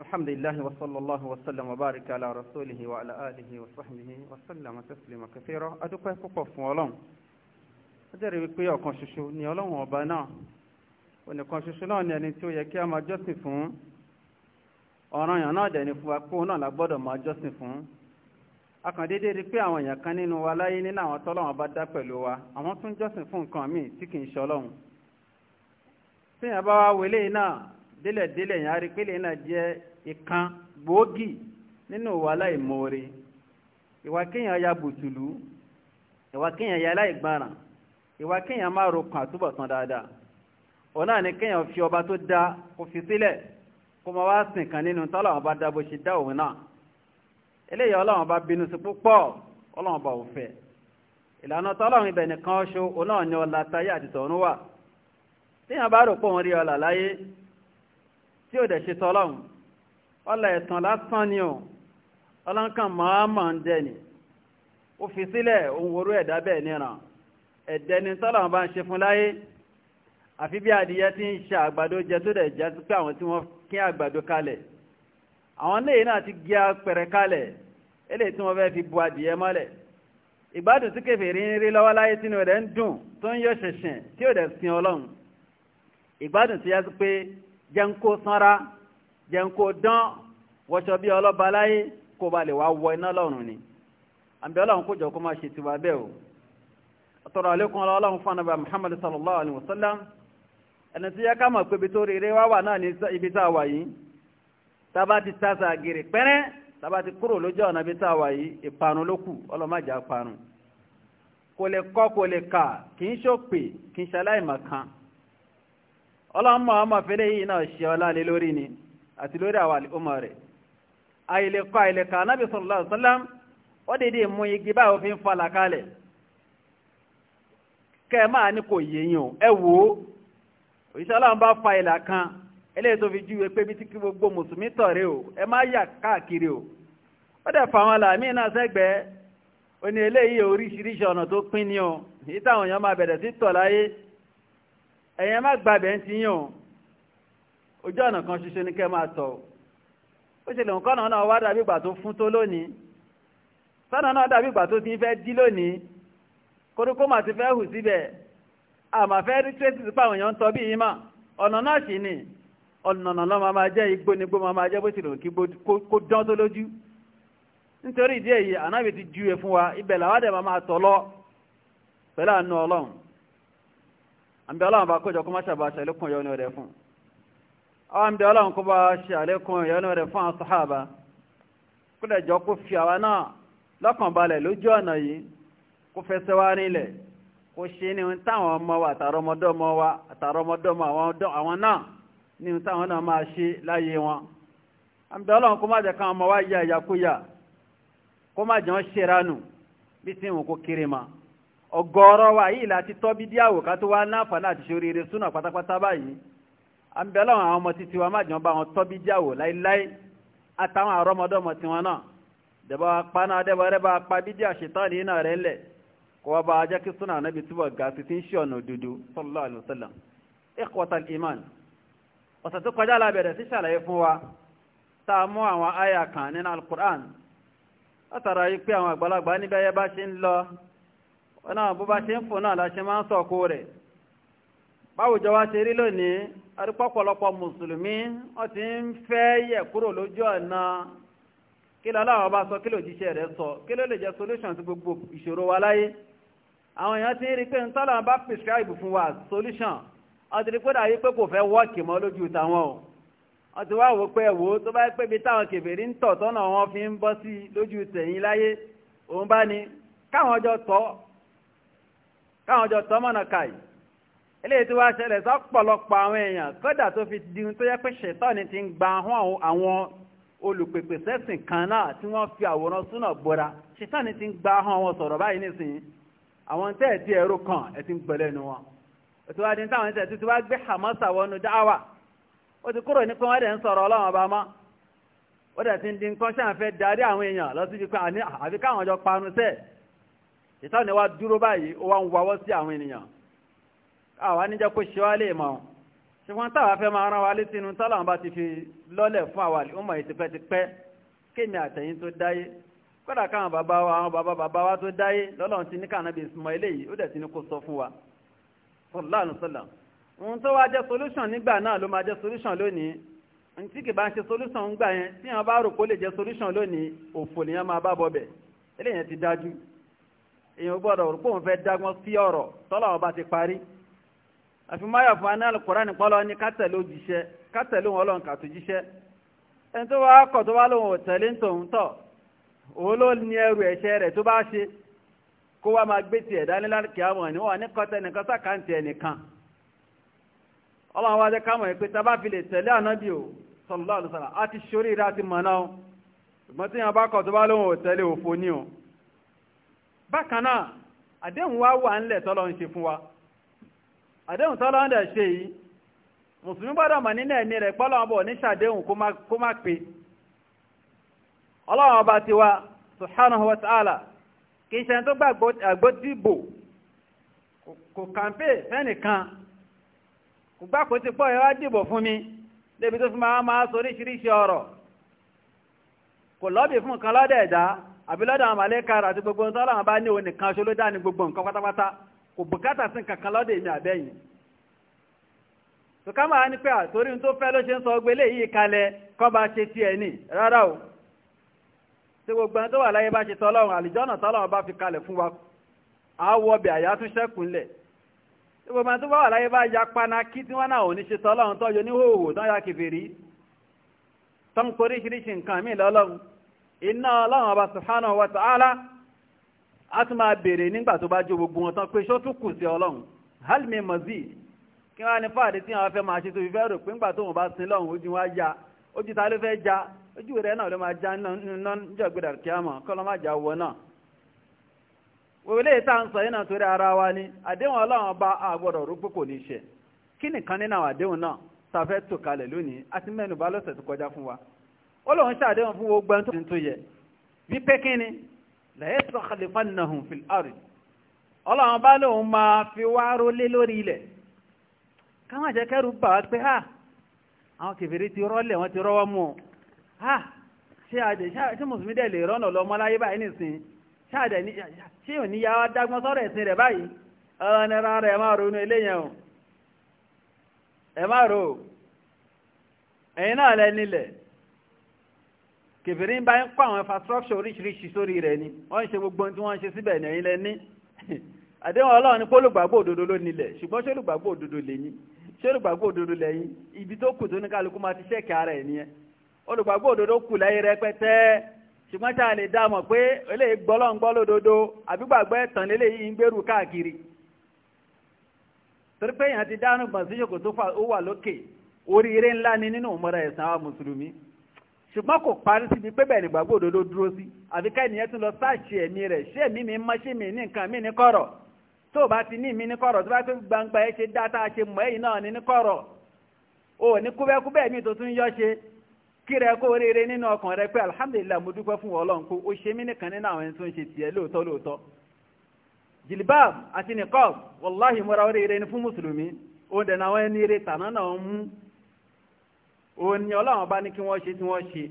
الحمد لله وصلى الله وسلم وبارك على رسوله وعلى آله وصحبه وسلم تسليما كثيرا adúpẹ́ púpọ̀ fún Ọlọ́run ó jẹ́rìí wípé ọ̀kan ṣoṣo ni Ọlọ́run ọba náà onìkan ṣoṣo náà ni ẹni tí ó yẹ kí a máa jọ́sìn fún ọ̀ranyàn náà dẹ̀ ni fún wa pé òun náà la gbọ́dọ̀ máa jọ́sìn fún a kàn déédéé rí pé àwọn èèyàn kan nínú wa láyé nínú àwọn tọ́lọ́run bá dá pẹ̀lú wa àwọn tún jọ́sìn fún nǹkan míì tí kì í ṣọlọ́run tíyẹn bá wá wọlé náà délẹ̀délẹ̀ yẹn á rí pé lè náà jẹ́ ìkan gbòógì nínú ìwà aláìmoore ìwà kéèyàn ya bùtùlù ìwà kéèyàn ya aláìgbọràn ìwà kéèyàn má rokàn àtúbọ̀tán dáadáa òun náà ni kéèyàn fi ọba tó dá kó fi sílẹ̀ kó máa wá sìn kan nínú tọ́lọ́wọ́n bá dá bó ṣe dá òun náà eléyìí ọlọ́wọ́n bá bínú sí púpọ̀ ọlọ́wọ́n bá òun fẹ́ ìlànà tọ́lọ́run ibẹ̀ nìkan ṣo onáà ni ọlá táyé àti tọ̀run wà tí bá rò pọ̀ wọn rí ọlà láyé tí ò dẹ̀ ṣe tọ́lọ́run ọlá ẹ̀tàn lásán ni ọ̀ ọlọ́nkàn máa máa ń dẹni ó fi sílẹ̀ òun orú ẹ̀dá bẹ́ẹ̀ níran ẹ̀dẹni tọ́lọ̀ bá ń ṣe fún láyé àfi bí adìyẹ ti ń ṣe àgbàdo jẹ tó dẹ̀ jẹ́ sí pé àwọn tí wọ́n kí àgbàdo kalẹ̀ àwọn léyìn náà ti gé apẹ̀rẹ̀ kalẹ̀ eléyìí tí wọ́n fẹ́ fi bu adìyẹ mọ́lẹ̀ ìbádùn tí kèfèrí ń rí lọ́wọ́ láyé tínú rẹ̀ ń dùn tó ń yọ ṣẹ̀ṣẹ̀ tí ò dẹ̀ sin ọlọ́run ìgbádùn tí yá sí pé jẹ́ ń kó sanra jẹ́ kó dán wọṣọ bí ọlọ́ba láyé kó ba lè wá wọ iná lọ́run ni àbí ọlọ́run kó jọ kó máa ṣe tiwa bẹ́ẹ̀ o àtọ̀rọ̀ àlékún ọlọ́run fún anábà muhammad sallallahu alayhi wa sallam ẹni tí yẹ ká mọ̀ pé ibi tó rere wá wà náà ní ibi tá a wà yìí tá a bá ti tasa gèrè pẹ́rẹ́ tá a bá ti kúrò lójú ọ̀nà ibi tá a wà yìí ìparun ló kù ọlọ́mọdé àparun kò lè kọ́ kò lè kà kì í ṣòpè kì í ṣaláìmọ̀ kan ọlọ́mọ ọmọ fẹ́lẹ́ yìí náà ṣe ọlá lé lórí ni àti lórí àwọn àlùmọ̀ rẹ̀ àìlẹ̀kọ́ àìlẹ̀kọ́ anábì sallallahu alaihi wasallam ó dédé mú igi báyìí òfin falà kalẹ̀ kẹ́ ẹ máa ní kò yéèyàn ẹ wò ó òṣìṣẹ́ aláwọ̀ bá fa ìlà kan eléyìí tó fi júwe pé bí tí gbogbo mùsùlùmí tọ̀rẹ́ o ẹ má yà káàkiri o ó dẹ̀ fà wọn làmí náà sẹ́gbẹ̀ẹ́ ó ní eléyìí oríṣiríṣi ọ̀nà tó pín ní o èyí táwọn èèyàn máa bẹ̀rẹ̀ sí tọ̀ láyé ẹ̀yẹn má gbàbẹ̀ ń ti yàn o ojú ọ̀nà kan ṣoṣo ní kẹ́ máa tọ̀ ó ṣe lè ń kọ́nà náà wá dàbí ìgbà tó fún tó lónìí sọ́nà náà dàbí ìgbà tó ti fẹ́ dí lónìí koríko mà ti fẹ́ hù síbẹ̀ àmà fẹ́ rí sípà àwọn èèyàn ń tọ́ bí mà ọ̀nà náà sì ni ọ̀nà máa jẹ́ igbó ni gbó máa jẹ́ bó ti lò kí kó dán tó lójú nítorí ìdí èyí ànábì ti ju fún wa ibẹ̀ làwádẹ́ máa tọ̀ lọ pẹ̀lú àánú ọlọ́run àbí ọlọ́run bá kójọ kó má ṣàbàṣà ní ọ̀rẹ́ àwọn bí ọlọ́run kó bá ṣe àlékún ìyọ́nú rẹ̀ fún àwọn sàhábà kó dẹ̀jọ́ kó fi àwa náà lọ́kànbalẹ̀ lójú ọ̀nà yìí kó fẹsẹ̀ wá nílẹ̀ kó ṣe ní ohun táwọn ọmọ wa àtàrọmọdọ́mọ wa àtàrọmọdọ́mọ àwọn náà ní ohun táwọn náà máa ṣe láyé wọn àwọn bí ọlọ́run káwọn ọmọ wa ya ìyàkúyà kó má jẹ́ wọ́n ṣèrànù bí tí wọn kó kiri ma ọgọ́rọ̀ wa yìí láti tọ́ bí díàwó ká tó wá láǹfààní àti ṣoríire súnà pátápátá báyìí à ń bẹ lọ́wọ́ àwọn ọmọ títí wa má jọ bá wọn tọ́bí jáwò láíláí àtàwọn àrọ́mọdọ́mọ tiwọn náà dẹ̀bà paná dẹ̀bà rẹ̀ bá pa bídí àṣetán nínú rẹ̀ ńlẹ̀ kó wá bá ajá kí súnà náà túbọ̀ ga sí ń ṣe ọ̀nà òdodo sallallahu alaihi wasallam ikhwatal iman ọ̀sẹ̀ tó kọjá lábẹ̀rẹ̀ sí ṣàlàyé fún wa tá a mú àwọn àyà kan nínú alukur'an látara yìí pé àwọn àgbàlagbà níbẹ̀ yẹ bá ṣe ń lọ wọn náà bó bá ṣe ń fò náà láṣẹ máa ń sọ̀kó rẹ̀ báwùjọ wa ṣe rí lónìí arúpọ̀pọ̀lọpọ̀ mùsùlùmí wọ́n ti ń fẹ́ yẹ̀ kúrò lójú ọ̀nà kí lọ láwọn bá sọ kí lòjíṣẹ́ rẹ̀ sọ kí ló lè jẹ́ solution sí gbogbo ìṣòro wa láyé àwọn èèyàn ti rí pé ń tọ́lọ̀ bá prescribe fún wa solution wọ́n ti rí pé dàbí pé kò fẹ́ wọ́ọ̀kì mọ́ lójú tàwọn o wọ́n ti wá wò pé ẹ̀wò tó bá pé bí táwọn ń tọ̀ tọ́nà wọn fi ń bọ́ sí lójú tẹ̀yìn láyé òun bá ní káwọn ọjọ́ tọ́ káwọn ọjọ́ tọ́ káyìí eléyìí tó wá ṣẹlẹ̀ sọ́pọ̀lọpọ̀ àwọn èèyàn kódà tó fi di tó yẹ pé ṣètọ́ni ti ń gba ahọ́n àwọn olùpèpè sẹ́sìn kan náà tí wọ́n fi àwòrán súnà bọ́ra ṣètọ́ni ti ń gba ahọ́n wọn sọ̀rọ̀ báyìí nísìnyí àwọn tẹ́ ẹ̀ tí ẹ̀rọ kan ẹ̀ ti ń gbẹ̀lẹ́ nu wọn ètò wa di táwọn tẹ́ ẹ̀ tí wá gbé hamasa wọnú dáwà ó ti kúrò nípa wọn dẹ̀ ń sọ̀rọ̀ ọlọ́run ọba mọ́ ó dẹ̀ ti ń di nǹkan ṣàǹfẹ́ àwa níjẹ́ kó ṣe wá lè mọ̀ ṣùgbọ́n táwa fẹ́ máa rán wa létí inú tọ́lọ́run bá ti fi lọ́lẹ̀ fún àwa ọmọ yìí tipẹ́tipẹ́ kéèmì àtẹ̀yìn tó dáyé kódà káwọn bàbá wa àwọn bàbá bàbá wa tó dáyé lọ́lọ́run ti ní kànáà bí ìsúnmọ́ eléyìí ó dẹ̀ ti ní kó sọ fún wa sọláàánú sọlá ohun tó wá jẹ́ solution nígbà náà ló máa jẹ́ solution lónìí ohun tí kì bá ń ṣe solution ń gbà yẹn tí wọn bá rò kó lè jẹ́ solution lónìí òfò lèèyàn máa bá bọbẹ̀ eléyìí ti dájú èèyàn gbọ́dọ̀ rò pé òun fẹ́ dágbọ́n sí ọ̀rọ̀ tọ́lá wọn bá ti parí àfimáyà fún aná alukùránì pọ́lọ́ ní kátẹ̀lé òjíṣẹ́ kátẹ̀lé òun ọlọ́run kàtó jíṣẹ́ ẹni tó wá kọ̀ tó wá lóun ò tẹ̀lé ń tòun tọ̀ òun ló ní ẹrù ẹ̀ṣẹ̀ rẹ̀ tó bá ṣe kó wá máa gbé tiẹ̀ dání lálùkì àwọn ẹni wọn ní kọ́tẹ́ nìkan sàkáǹtì ẹnìkan ọlọ́run wá jẹ́ ẹ̀ pé tá fi lè tẹ̀lé ànábì ò sallallahu alaihi wasallam á ti ṣorí rẹ̀ á ti mọ̀nà o ṣùgbọ́n tí yàn bá kọ̀ tó bá àdéhùn tọ́lọ́ ń dẹ̀ ṣe yìí mùsùlùmí gbọ́dọ̀ mọ̀ nínú ẹ̀mí rẹ̀ pọ́lọ́ ọbọ̀ ní ṣàdéhùn kó má pé ọlọ́run ọba tiwa ta'ala kì í ṣe tó gbàgbódìbò kò kàmpé fẹ́nìkan kò gbà kó ti pọ̀ wá dìbò fún mi débi tó fi máa máa sọ oríṣiríṣi ọ̀rọ̀ kò lọ́bì fún nǹkan lọ́dọ̀ gbogbo ọlọ́run ní òun nìkan gbogbo nǹkan pátápátá kò bùkátà sí kankan lọ́dọ̀ èmi àbẹ́yìn tó ká a ní pé àtórí tó fẹ́ ló ṣe ń sọ gbélé yìí kalẹ̀ kọ́ bá ṣe tiẹ̀ ní rárá o tí gbogbo ẹni tó wà láyé bá ṣe tọ́lọ́run àlìjọ́nà tọ́lọ́run ya tí wọ́n náà ò ní ṣe tọ́lọ́run níhòòhò tán ya tán nǹkan míì a tún máa bèèrè nígbà tó bá jó gbogbo wọn tán pé ṣó tún kù sí ọlọ́run halmi mazid kí wọ́n á ní fáàdé tí àwọn fẹ́ máa ṣe tó fi fẹ́ rò pé nígbà tó bá sin lọ́run ojú wa ya ojú ta ló fẹ́ ja ojú rẹ̀ náà ló máa wọ torí ara wa ni àdéhùn ọlọ́run bá àgbọ̀dọ̀ rúgbó kò ní ṣe kí nìkan nínú àdéhùn náà ta fẹ́ fún wa lẹ́yẹ́sọ̀kàlẹ̀fánàhùn fil ard ọlọ́run bá lóun máa fi wá rólé lórí ilẹ̀ káwọn àjẹkẹ́rù bà wá pé ha àwọn kèfèrè ti rọ́lẹ̀ wọ́n ti rọ́wọ́ mú ha ṣe àdẹ̀ ṣe mùsùlùmí dẹ̀ lè rọ́nà lọ́mọ láyé báyìí nìsín ṣe àdẹ̀ ṣe ò ní ya wá dágbọ́n sọ́rọ̀ ẹ̀sìn kèfèrí ń bá ń kọ́ àwọn infrastructure oríṣiríṣi sórí rẹ̀ ni wọ́n ń ṣe gbogbo ohun tí wọ́n ń ṣe síbẹ̀ ní ẹ̀yìn àdéhùn ọlọ́run ni pólùgbàgbọ́ òdodo ló nílẹ̀ ṣùgbọ́n ṣólùgbàgbọ́ òdodo lẹ́yìn ṣólùgbàgbọ́ òdodo lẹ́yìn ibi tó kù tó ní kálukú máa ti ṣẹ́ẹ̀kì ara ẹ̀ nìyẹn olùgbàgbọ́ òdodo kù lẹ́yìn rẹpẹtẹ ṣùgbọ́n tá a lè dá mọ̀ pé eléyìí gbọ́lọ́ ń gbọ́ lódodo àbígbàgbọ́ ẹ̀tàn léléyìí ń gbèrú káàkiri torí pé èèyàn ti dánú gbọ̀n wà lókè oríire ńlá ni nínú ìmọ̀ra ẹ̀sán àwọn mùsùlùmí ṣùgbọ́n kò parí síbi pé bẹ́ẹ̀ nígbàgbọ́ òdodo dúró sí àfi ká ènìyàn tún lọ sáàṣì ẹ̀mí rẹ̀ ṣé èmi mi mọ́ ṣé mi ní nǹkan mi ní kọ̀rọ̀ tó o bá ti ní mi ní kọ̀rọ̀ tó bá tó gbangba ẹ ṣe dá tá a ṣe mọ́ ẹ̀yìn náà ní ní kọ̀rọ̀ o ní kúbẹ́kúbẹ́ mi tó tún yọ́ ṣe kí rẹ kó rere nínú ọkàn rẹ pé alihamudulilayi mo dúpẹ́ fún Ọlọ́run o ṣe mí òun ni ọlọ́run bá ní kí wọ́n ṣe tí wọ́n ṣe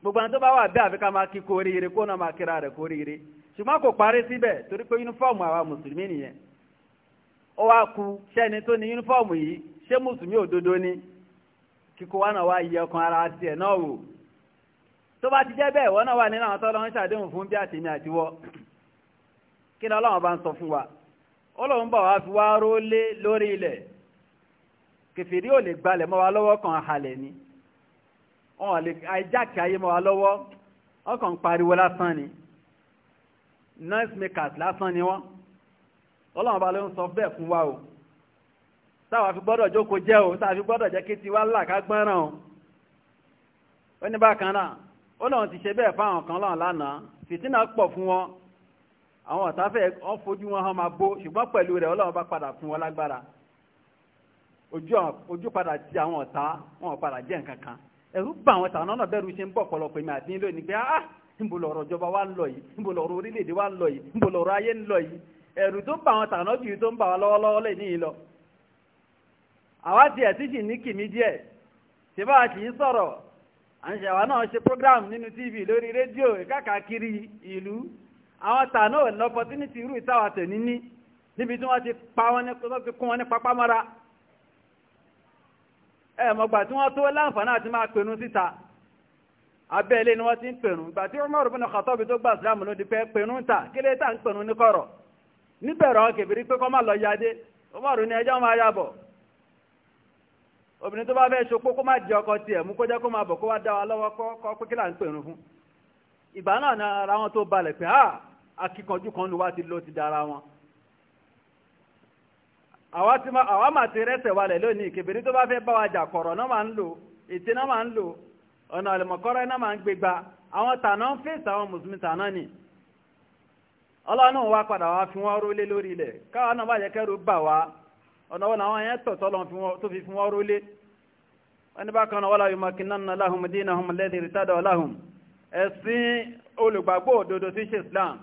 gbogbo àwọn tó bá wà bí àfikà máa kí kó oríire kó náà máa kíra rẹ̀ kó oríire ṣùgbọ́n kò parí síbẹ̀ torí pé yúnífọ́ọ̀mù àwa mùsùlùmí nìyẹn ku sẹ́ni tó ní yúnífọ́ọ̀mù yìí ṣé mùsùlùmí ni kíkó náà wá yẹ ọkàn ara tiẹ̀ náà wò tó bá ti jẹ́ bẹ́ẹ̀ náà wà nínú àwọn tọ́lọ́ ń ṣàdéhùn fún bí àtẹ̀mí àtiwọ́ kí ni ọlọ́run bá ń sọ fún kẹfìrí ò lè gbalẹ̀ mọ́ wa lọ́wọ́ kan halẹ̀ ni wọn ò lè àìjákè ayé mọ́ wa lọ́wọ́ wọn kàn ń pariwo lásán ni noise makers lásán ni wọn ọlọ́run ba ló ń sọ bẹ́ẹ̀ fún wa o táwa fi gbọ́dọ̀ jókòó jẹ́ o táwa fi gbọ́dọ̀ jẹ́ kí tiwa là ká gbọ́nràn o ó ní bákan náà ó lóun ti ṣe bẹ́ẹ̀ fáwọn kan lọ́run lánàá fìtínà pọ̀ fún wọn àwọn ọ̀tá fẹ́ wọn fojú wọn hàn máa bó ṣùgbọ́n pẹ̀lú rẹ̀ ọlọ́run bá padà fún wọn lágbára ojú padà ti àwọn ọ̀tá wọn padà jẹ́ nǹkan kan ẹ̀rú bá àwọn ọ̀tá náà bẹ́ẹ̀ ṣe ń bọ̀ pọ̀lọpọ̀ èmi àti nílò ní pé ah níbo lọ̀rọ̀ ìjọba wa ń lọ yìí níbo lọ̀rọ̀ orílẹ̀-èdè wa ń lọ yìí níbo lọ̀rọ̀ ayé ń lọ yìí ẹ̀rù tó bá àwọn ọ̀tá náà jù tó ń bà wá lọ́wọ́lọ́wọ́ lè ní ìlọ. àwa tiẹ̀ tí sì ní kìmí díẹ̀ ṣé bá a kì í sọ̀rọ̀ à náà ṣe program nínú tv lórí rédíò káàkiri ìlú àwọn ọ̀tá náà ní opportunity irú ìtawà tẹ̀ níní níbi tí wọ́n ti pa wọn ní kún ẹ̀mọ̀gbà tí wọ́n tó láǹfààní àti máa pẹ̀nú síta abẹ́lé ni wọ́n ti ń pẹ̀nú ìgbà tí Umar bin Khattab tó gbà sílámù ló di pẹ́ pẹ̀nú ta kí lè tà ń pẹ̀nú ní kọ̀rọ̀ níbẹ̀rọ̀ kẹbìrí pé kọ́ máa lọ yáde Umar ní ẹjọ́ máa yàbọ̀ obìnrin tó bá fẹ́ ṣopó kó má di ọkọ tiẹ̀ mú kó jẹ́ kó máa bọ̀ kó wá dá wa lọ́wọ́ ha akíkanjú kan ni wá ti àwa ti máa àwa máa ti rẹ́sẹ̀ walẹ̀ lónìí kìbìrì tó bá fẹ́ bá wa jà kọ̀rọ̀ náà máa ń lò ètè náà máa ń lò ọ̀nà àlùmọ̀kọ́rọ́ náà máa ń gbégbá àwọn tànà ń fèsì àwọn mùsùlùmí tànà ni ọlọ́run wa padà wá fi wọ́n rólé lórí ilẹ̀ káwọn náà bá yẹ kẹ́rù bà wá ọ̀nà wọn làwọn yẹn tọ̀tọ̀ lọ tó fi fi wọ́n rólé wọn ní bákan náà wala yumakkinanna lahum dinahum alladhi irtada lahum ẹ̀sìn olùgbàgbọ́ òdodo tí ń ṣe Islam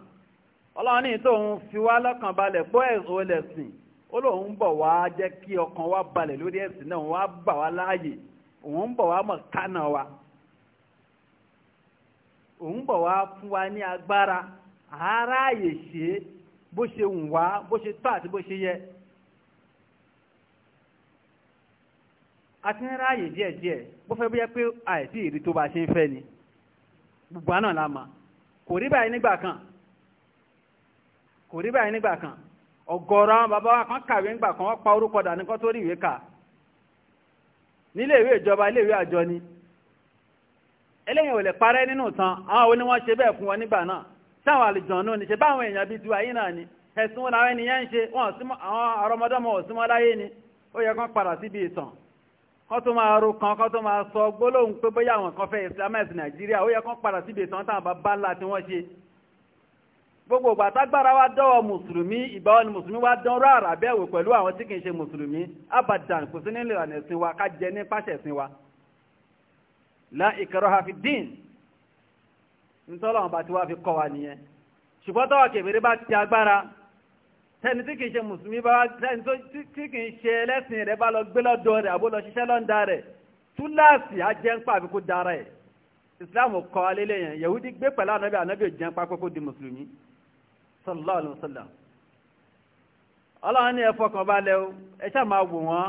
ó lóun ń bọ̀ wá jẹ́ kí ọkàn wa balẹ̀ lórí ẹ̀sìn náà wọ́n bà wá láàyè òun bọ̀ wá mọ̀ kánà wa òun bọ̀ wá fún wa ní agbára aráàyè ṣe bó ṣe wù wá bó ṣe tọ́ àti bó ṣe yẹ àti ráàyè díẹ̀díẹ̀ bó fẹ́ bóyá pé àìsí ìrí tó bá ṣe ń fẹ́ ni gbogbo àná la mà kò rí báyìí nígbà kan kò rí báyìí nígbà kan ọ̀gọ̀rọ̀ àwọn bàbá wa kan kàwé ńgbà kan wọ́n pa orúkọ dàní kan tó rí ìwé kà nílé ìwé ìjọba ilé ìwé àjọ ni eléyìn ò lè parẹ́ nínú tán àwọn oní wọ́n ṣe bẹ́ẹ̀ fún wọn nígbà náà táwọn àlùjọ̀nú ni ṣe báwọn èèyàn bíi tiwa yìí náà ni ẹ̀sùn wọn làwọn ènìyàn ń ṣe wọn àwọn àrọmọdọ́mọ òsúnmọ́ láyé ni ó yẹ kán padà síbi ìtàn kán tó máa ro kan kán tó máa sọ gbólóhùn pé bóyá àwọn kan fẹ́ islamic nàìjíríà ó yẹ kán padà síbi ìtàn táwọn bàbá ńlá tí wọ́n ṣe gbogbo gbàtágbára wá dọ́wọ́ mùsùlùmí ìbáwọn ni mùsùlùmí wá dán rárá bẹ́ẹ̀wò pẹ̀lú àwọn tí kì í ṣe mùsùlùmí abadan kò sí nílò ìlànà ẹ̀sìn wa ká jẹ ní pàṣẹ ẹ̀sìn wa la ikraha fi din nítọ́lọ́wọ́n bá ti wá fi kọ́ wa nìyẹn ṣùgbọ́n tọ́wọ́ kèbèrè bá ti agbára tẹni tí kì í ṣe mùsùlùmí bá wá tẹni tí kì í ṣe ẹlẹ́sìn rẹ̀ bá lọ gbé lọ́dọ̀ rẹ̀ àbó lọ ṣiṣẹ́ lọ́ndà rẹ̀ túláàsì ajẹ́ńpà àbíkú dára ẹ̀ kọ́ alélẹ́yìn yẹ̀húdí gbé pẹ̀lú ànábì ànábì òjẹ́ńpà pé kó di mùsùlùmí sallallahu alaihi wasallam ọlọ́run ní ẹ fọkàn balẹ̀ o ẹ ṣáà máa wò wọ́n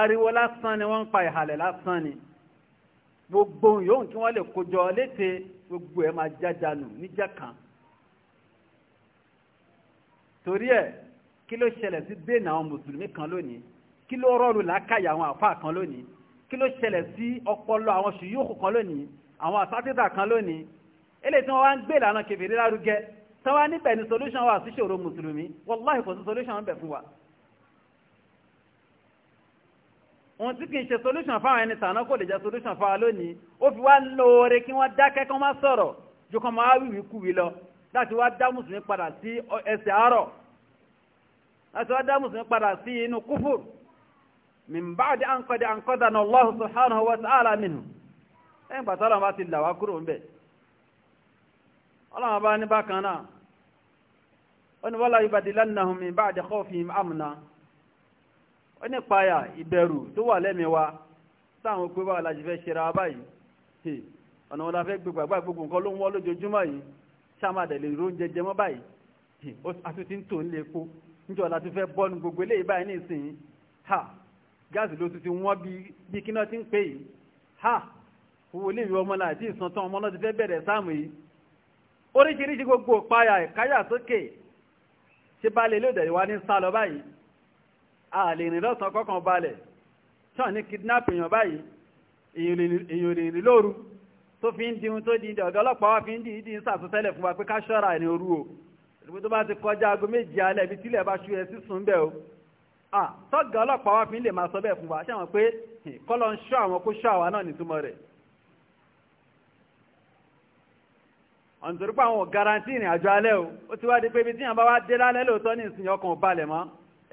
ariwo lásán ni wọ́n ń pa ìhàlẹ̀ lásán ni gbogbo yòówù kí wọ́n lè kójọ léte gbogbo ẹ̀ máa jájà nù níjà kan torí ẹ̀ kí ló ṣẹlẹ̀ sí bẹ́ẹ̀nì àwọn mùsùlùmí kan lónìí kí ló rọrùn làákàyà àwọn àfáà kan lónìí kí ló ṣẹlẹ̀ sí ọpọlọ àwọn ṣùyúkù kan lónìí àwọn àsátìtà kan lónìí eléyìí tí wọ́n wá ń gbé ìlànà kẹfìrí lárugẹ tọ́wá níbẹ̀ ni solution wà sí ṣòro mùsùlùmí wọ́láhì kò sí solution bẹ̀ fún wa oun tí kì ṣe solution fáwọn ẹni tàná kò lè jẹ́ solution fáwọn lónìí ó fi wá lóore kí wọ́n dákẹ́ kán má sọ̀rọ̀ ju kán máa wíwí kúwí lọ láti wá dá mùsùlùmí padà sí ẹsẹ̀ àárọ̀ láti wá dá mùsùlùmí padà sí inú min ba'di an qad anqadana Allahu subhanahu wa ta'ala minhu ẹ̀yìn bá ti là wá kúrò ń bẹ̀ bá ní bákan náà ó ní wala yubadilannahum min ba'di khawfihim amuna ó iberu to ìbẹ̀rù wa táwọn pé báwa la ṣe fẹ́ ṣera báyìí ọ̀nà wọn la fẹ́ gbogbo nǹkan ló ń wọ́ lójoojúmọ́ yìí sáàmàdẹ̀ lè ró oúnjẹ jẹmọ́ báyìí àtúntí ń tò ń lè gbogbo eléyìí báyìí nísìnyí ha gáàsì ló bí kíná ti ha owó ilé ìwé ọmọ náà àti ìsàn tán gbogbo ìpayà ìkáyà sókè tí balẹ̀ ló dẹ̀rẹ̀ wá ní sálọ báyìí a lè rìn lọ́sàn kọ́kàn balẹ̀ tán ní kidnap èèyàn báyìí èèyàn lè rìn lóru tó fi ń dihun tó di ọ̀gá ọlọ́pàá wá fi ń dìídì ń sàtúntẹ́lẹ̀ fún wa pé ká ṣọ́ra ẹni orú o ìgbé tó bá ti kọjá aago méje alẹ́ ibi tílẹ̀ bá ṣú ẹ sísun bẹ́ẹ̀ o tọ́gà ọlọ́pàá wá fi ń lè máa sọ bẹ́ẹ̀ fún wa ṣáwọn pé kọ́lọ́ ń ṣọ́ àwọn kó ṣọ́ àwa náà nítumọ̀ rẹ̀ ọ̀ntorípa àwọn garanti ìrìn àjò alẹ́ o ó ti wá di pé ibi tí àbá wá dé lálẹ́ lóòótọ́ ní ìsìn ọkàn ò balẹ̀ mọ́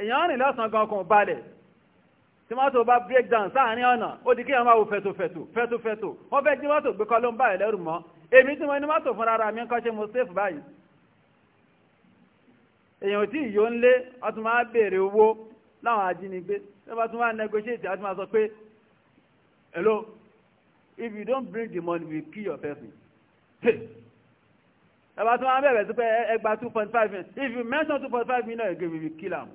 èèyàn rìn lọ́sàn gan ọkàn balẹ̀ tí mọ́tò bá break down sáàrin ọ̀nà ó di kí àwọn máa wo fẹ̀tòfẹ̀tò fẹ̀tòfẹ̀tò wọ́n fẹ́ jí mọ́tò gbé kọ́ ló ń báyìí lẹ́rù mọ́ èmi tí mo ní mọ́tò fúnra ara mi ń kọ́ ṣe mo safe negotiate àti máa sọ hello if you don't bring the money we kill your person ẹ̀bá tó máa bẹ̀rẹ̀ sí pé ẹgbà 2.5 million if you mention 2.5 million you give me kill am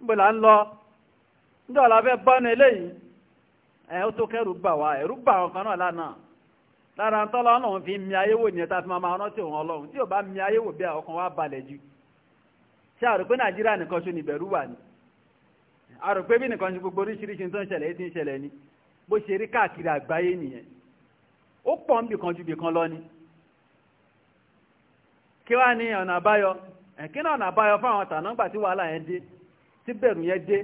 níbo là ń lọ níjọ́ la fẹ́ bọ́nu eléyìí ẹ̀ ó tó kẹ́rù bà wá ẹ̀rù bà wọn kan náà lánàá lára ń tọ́lọ́ ọlọ́run fi mi ayéwò nìyẹn tá a fi máa máa rántí òun ọlọ́run tí ò bá mi ayéwò bí ọkàn wa balẹ̀ jù ṣé àrò pé nàìjíríà nìkan ṣo ní ìbẹ̀rù wà ní àrò pé bí nìkan ṣe gbogbo oríṣiríṣi tó ń ṣẹlẹ̀ èyí tí ń ṣẹlẹ̀ ni bó ṣe rí káàkiri àgbáyé nìyẹn ó pọ̀ kí wá ní ọ̀nà àbáyọ ẹ̀kínà ọ̀nà àbáyọ fáwọn tànágbà tí wàhálà yẹn dé tí bẹ̀rù yẹn dé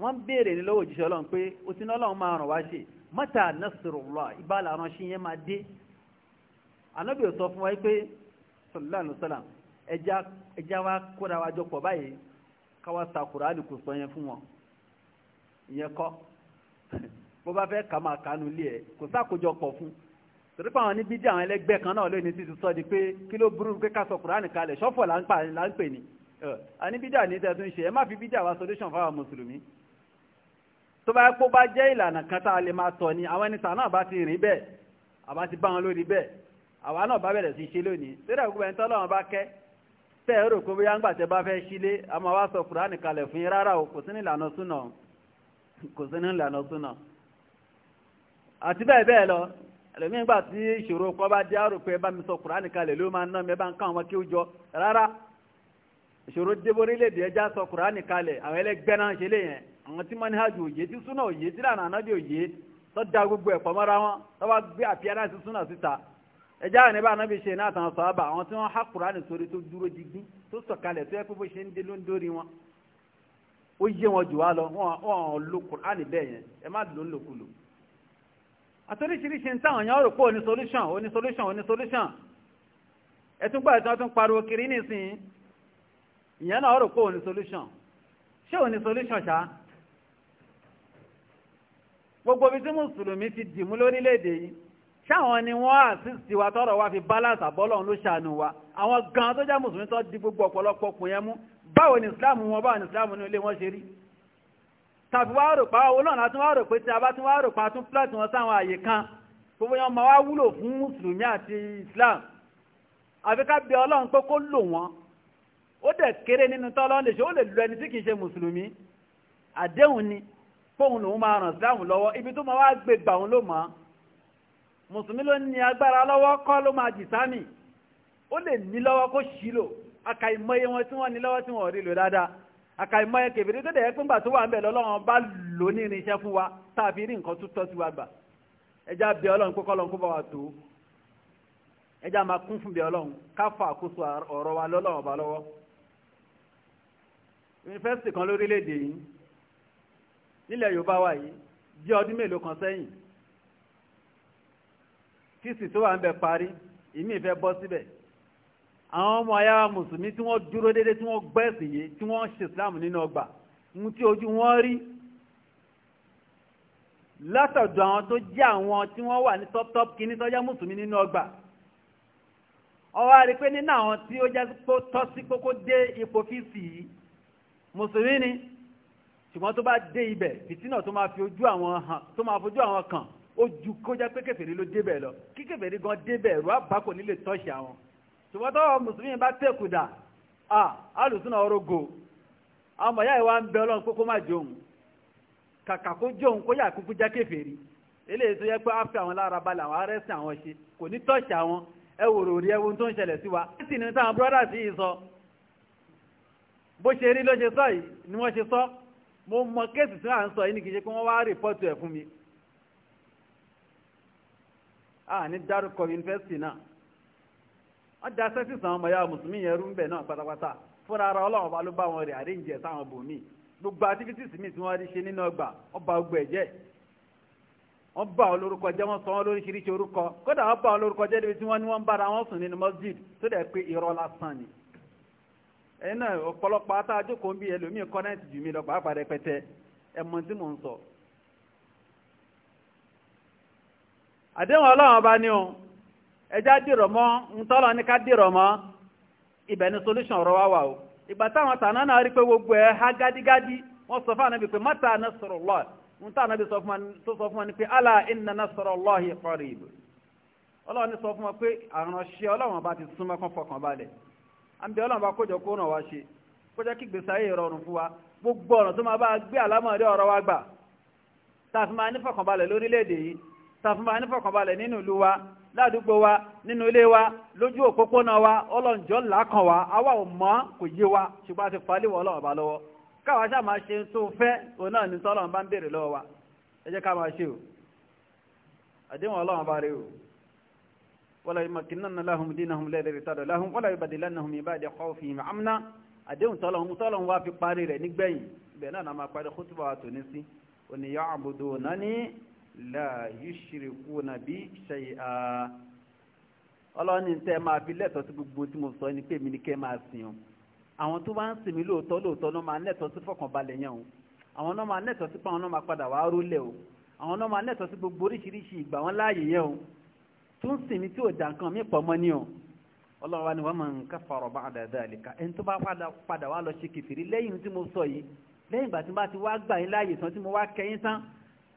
wọ́n béèrè ní lọ́wọ́ òjíṣẹ́ ọlọ́run pé ó ti ní ọlọ́run máa ràn wá ṣe mọ́tà nasrullah ìbálà ránṣẹ́ yẹn máa dé ànábì ò sọ fún wa pé sallallahu alaihi wasallam ẹja wa kóra wa jọ pọ̀ báyìí káwa sa Kùránì kò sọ yẹn fún wọn ìyẹn kọ́ bó bá fẹ́ kà máa kánú ilé ẹ̀ kò sákòjọpọ̀ fún torí pé àwọn níbi jẹ́ àwọn ẹlẹ́gbẹ́ kan náà lónìí ti sọ di pé kí ló burú pé ká sọ kùránì kalẹ̀ ṣọ́fọ̀ là ń pè ní àní bídà ní tẹ̀tún ṣe ẹ má fi bídà wá solution fáwọn mùsùlùmí tó bá kó bá jẹ́ ìlànà kan tá a lè máa tọ̀ ni àwọn ẹni tàn náà bá ti rìn bẹ́ẹ̀ àbá ti bá wọn lórí bẹ́ẹ̀ àwa náà bá bẹ̀rẹ̀ sí ṣe lónìí tẹ́lẹ̀ gbogbo ẹni tọ́lọ́wọ́n bá kẹ́ tẹ́ ẹ̀rọ kó bóyá ńgbà tẹ́ bá fẹ́ sílé a máa wá sọ kùránì kalẹ̀ fún yín rárá o kò sí ní ìlànà súnà kò sí ní ìlànà súnà àti bẹ́ẹ̀ bẹ́ẹ̀ lọ ẹlòmí ìgbà tí ìṣòro kọ́ bá dé àrò pé ẹ bá mi sọ kùránì kalẹ̀ ló máa ń ná mi ẹ bá ń ká àwọn kí ó jọ rárá ìṣòro dé borílẹ̀-èdè ẹja sọ kùránì kalẹ̀ àwọn ẹlẹ́gbẹ́ náà ṣe lè yẹn àwọn tí mọ́ni hajj òye tí súnà òye tí lànà ànábì òye tó da gbogbo ẹ̀pọ̀ mọ́ra wọn tó bá gbé àfihàn sí súnà síta ẹja àwọn ẹbá ànábì ṣe náà tàn sọ àbà àwọn tí wọ́n há kùránì sórí tó dúró digbí tó sọ kalẹ̀ tó yẹ pé bó ṣe ń dé ló ń dórí wọn ó yé wọn jù wá lọ wọn ò lo kùránì bẹ́ẹ̀ yẹn ẹ má lò ń lòkulò àtoríṣiríṣi ń táwọn èèyàn rò pé òní solution òní solution òní solution ẹtún gbà tí wọ́n tún pariwo kiri nísìn ìyẹn náà rò pé òní solution ṣé òní solution ṣá gbogbo ibi tí mùsùlùmí ti dìmú lórílẹ̀-èdè yìí ṣáwọn ni wọ́n àsìsì wa tọ́rọ̀ wa fi balance àbọ́lọ́run ló ṣàánú wa àwọn gan tó jẹ́ mùsùlùmí tó di gbogbo ọ̀pọ̀lọpọ̀ kùn yẹn mú báwo ni islam wọn báwo ni islam ní ilé wọn ṣe rí tàbí wá rò pa owó náà látún wá rò pé tí a bá tún wá rò pa tún flat wọn sáwọn àyè kan gbogbo yẹn ma wá wúlò fún mùsùlùmí àti islam àfi ká bẹ ọlọ́run pé kó lò wọ́n ó dẹ̀ kéré nínú tọ́lọ́run lè ṣe ó lè lu ẹni tí kìí ṣe mùsùlùmí àdéhùn ni kóhun lòun máa ràn islam lọ́wọ́ ibi tó ma wá gbé gbà òun ló mọ̀ mùsùlùmí ló ní agbára lọ́wọ́ kọ́ ló máa jì sámì ó lè ní lọ́wọ́ kó ṣì lò àkàìmọye wọn tí wọ́n ní lọ́wọ́ tí wọ́n rí lò dáadáa àkàìmọ́ ẹ kèbèrè tó dẹ̀ pínpà tó wà ń bẹ̀ lọ́lọ́run bá lò ní irinṣẹ́ fún wa tá a fi rí nǹkan tó tọ́ sí wa gbà ẹjá bẹ ọlọ́run kó kọ́lọ́run kó bá wa tó ẹjá máa kún fún bẹ ọlọ́run ká fà àkóso ọ̀rọ̀ wa lọ́lọ́run ọba lọ́wọ́ yunifásitì kan lórílẹ̀ yìí nílẹ̀ yorùbá wa yìí bí ọdún mélòó kan sẹ́yìn tíìsì tó wà ń bẹ̀ parí ìmí ìfẹ́ bọ́ síbẹ̀ àwọn ọmọ ayá mùsùlùmí tí wọ́n dúró dédé tí wọ́n gbẹ́sì yìí tí wọ́n ṣe islam nínú ọgbà mú tí ojú wọn rí látọ̀dọ̀ àwọn tó jẹ́ àwọn tí wọ́n wà ní top top kìíní tó jẹ́ mùsùlùmí nínú ọgbà ọwọ́ àrí pé nínú àwọn tí ó jẹ́ tọ́ sí kókó dé ipò fíìsì yìí mùsùlùmí ni ṣùgbọ́n tó bá dé ibẹ̀ fìtínà tó máa fi ojú àwọn hàn tó máa fojú àwọn kàn ó ju kó jẹ́ pé kèfèrí ló débẹ̀ lọ kí kèfèrí gan débẹ̀ rú àbá nílé tọ́ṣì àwọn ṣùgbọ́n tọ́wọ́ mùsùlùmí bá tẹ́kùdà alùsùnà orógo ọmọ yá ìwà ń bẹ ọlọ́run kókó má jóun kàkà kó jóun kó yà kúkú já kèfèrí eléyìí tó yẹ pé áfẹ́ àwọn lára balẹ̀ àwọn arẹ́sìn àwọn ṣe kò ní tọ́ọ̀ṣì àwọn ẹ wòrò rí ẹwu tó ń ṣẹlẹ̀ sí wa. ẹ̀sìn ni táwọn bírọ́dà sí yìí sọ bó ṣe rí ló ṣe sọ yìí ni wọ́n ṣe sọ mo mọ kéèsì tí wọ́n sọ yìí ni kì í ṣe pé wọ́n wá rìpọ́ọ̀tù ẹ̀ fún mi. a ní dárúkọ yunifásitì náà ọdásẹ́ sísan ọmọ ya mùsùlùmí yẹn rú ń náà pátápátá fúnra ara ọlọ́run ọba ló bá wọn rẹ̀ àríǹjẹ sáwọn bòmí gbogbo activities mi tí wọ́n rí ṣe nínú ọba ẹ̀jẹ̀ wọ́n bá wọn lórúkọ jẹ́ wọ́n sọ lóríṣiríṣi orúkọ kódà wọ́n bá wọn lórúkọ jẹ́ tí wọ́n ní wọ́n ń bára wọn sùn nínú masjid tó dẹ̀ pé irọ́ lásán ẹjá dìrọ̀ mọ́ ntọ́lọ̀ ní ká dìrọ̀ mọ́ ibẹ̀ ni solution ọ̀rọ̀ wá wà o ìgbà táwọn tàná náà gbogbo ha gádígádí wọn sọ fún ànábì pé mata nasrullah ń tà ànábì tó sọ fún wa ni pé ala inna nasrullahi qarib ọlọ́run ní sọ fún wa pé ti fọkàn kójọ kó wá ṣe kójọ kí gbèsè ayé rọrùn fún wa gbogbo ọ̀nà tó wa gbà tá a fi máa ní fọkàn balẹ̀ yìí sàfúnbà nífọ̀kànbalẹ̀ nínú ìlú wa ládùúgbò wa nínú ilé wa lójú òpópónà wa ọlọ́njọ́ làákàn wa àwa ò mọ̀ kò yé wa ṣùgbọ́n a ti falẹ̀ wọ ọlọ́run bá lọ́wọ́ káwa ṣáà máa ṣe tó fẹ́ òun náà ní tọ́lọ́run bá ń béèrè lọ́wọ́ wa ẹ jẹ́ ká máa ṣe o àdéhùn ọlọ́run bá rí o wala yumakkinanna lahum dinahum lẹ́rẹ̀ rìtàdọ̀ lahum wala yubadilannahum min ba'di khawfihim amna àdéhùn tọ́lọ́run tọ́lọ́run wá fi parí rẹ̀ nígbẹ̀yìn ibẹ̀ náà máa parí kútùbà wa tòní sí òní la yushrikuna bi shay'a ọlọ́ni tẹ́ máa fi lẹ́tọ̀ọ́ sí gbogbo tí mo sọ ni pé mi ni kẹ́ máa sìn o àwọn tó bá ń sìn mí lóòótọ́ lóòótọ́ náà máa lẹ́tọ̀ọ́ sí fọkànbalẹ̀ yẹn o àwọn náà máa lẹ́tọ̀ọ́ sí pé àwọn náà máa padà wá rólẹ̀ o àwọn náà máa lẹ́tọ̀ọ́ sí gbogbo oríṣiríṣi ìgbà wọn láàyè yẹn o tó ń sìn mí tí ò dà nǹkan mí pọ̀ mọ́ ni o ọlọ́run wa ni wọ́n máa ń kafara ba'da dhalika ẹni tó bá padà wá lọ ṣe kìfìrí lẹ́yìn tí mo sọ yìí lẹ́yìn ìgbà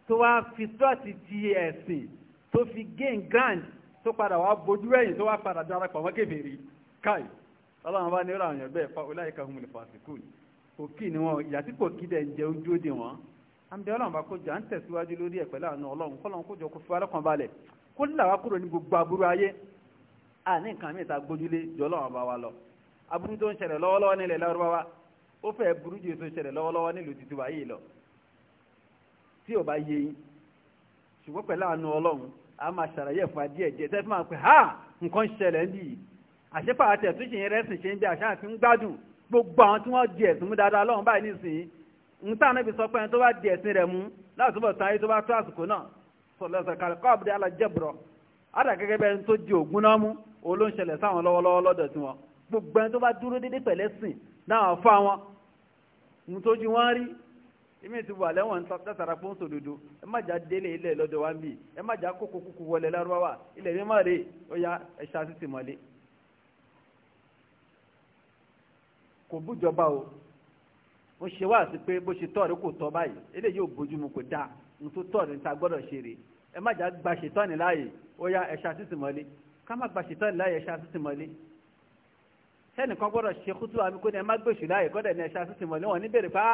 tó wá fi trọ́ọ̀tì ti ẹ̀sìn tó fi gain grand tó padà wá bójú ẹ̀yìn tó wá padà dára pọ̀ mọ́ kèfèrí káì ọlọ́run bá ní ó ràyàn bẹ́ẹ̀ fa ọláyíká humul fasikun òkì ni wọn ìyá tí kò kí dẹ̀ ń jẹ ojú òde wọn àmì ọlọ́run bá kó jà ń tẹ̀síwájú lórí ẹ̀ pẹ̀lú àwọn ọlọ́run kọ́lọ́run kó jọ kó fi wá lọ́kàn balẹ̀ kó làwá kúrò ní gbogbo aburú ayé àní nǹkan mi ta gbójúlé jọ ọlọ́run bá wa lọ aburú tó ń ṣẹlẹ̀ lọ́wọ́lọ́wọ́ nílẹ̀ lárúbáwá ó fẹ́ burú ju èso ṣẹlẹ̀ lọ́wọ́lọ́wọ́ nílùú títí wáyé lọ tí ò bá yé yín ṣùgbọ́n pẹ̀lú àánú ọlọ́run a máa ṣàlàyé ẹ̀fọ́ díẹ̀ díẹ̀ tẹ́tí máa pè ha nǹkan ń ṣẹlẹ̀ ń bì í àṣepà àti ẹ̀tún ṣe yẹn rẹ́sìn ṣe ń bí àṣà àti ń gbádùn gbogbo àwọn tí wọ́n di ẹ̀sìn mú dáadáa ọlọ́run báyìí nísìnyí ń tà níbi sọ pé ẹni tó bá di ẹ̀sìn rẹ̀ mú láti túbọ̀ tán ayé tó bá tó àsìkò náà sọlọ́sọ̀ kàlẹ́ kọ́ èmi ti wà lẹ́wọ̀n látara pọ́n sòdodo ẹ má jà délé ilẹ̀ lọ́dọ̀ wa ń bì ẹ má jà kókó kúkú wọlé lárúbáwá ilẹ̀ mi má rè ó ya ẹ̀ṣá títì mọ́lé. kò bújọba o mo ṣe wá sí pé bó ṣe tọ́ọ̀rì kò tọ́ báyìí eléyìí ò bójúmu kò dáa mo tó tọ́ọ̀rì níta gbọ́dọ̀ ṣe rè ẹ má jà gba ṣètọ́ni láàyè ó ya ẹ̀ṣá títì mọ́lé ká má gba ṣètọ́ni láàyè ẹ̀ṣá títì mọ́lé sẹ́nìkan gbọ́dọ̀ ṣe kútu àmì kó ní ẹ má gbèsè láàyè kọ́dẹ̀ ní ẹ̀ṣá títì mọ́lé wọn ní pa á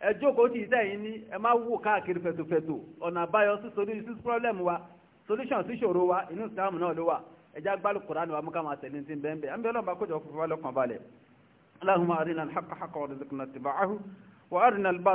ẹ jókòó tí ìtẹ́yìn ní ẹ má wò káàkiri fẹ̀tòfẹ̀tò ọ̀nà àbáyọ sí solution problem wa solution sí ṣòro wa inú ìsìlámù náà ló wà ẹjá gbálù kùránì wa mú ká máa tẹ̀lé tí ń bẹ́ẹ̀ bẹ́ẹ̀ ẹ̀mbẹ́ ọlọ́mọba kójọ fúnfún wa lọ́kàn balẹ̀ Allahumma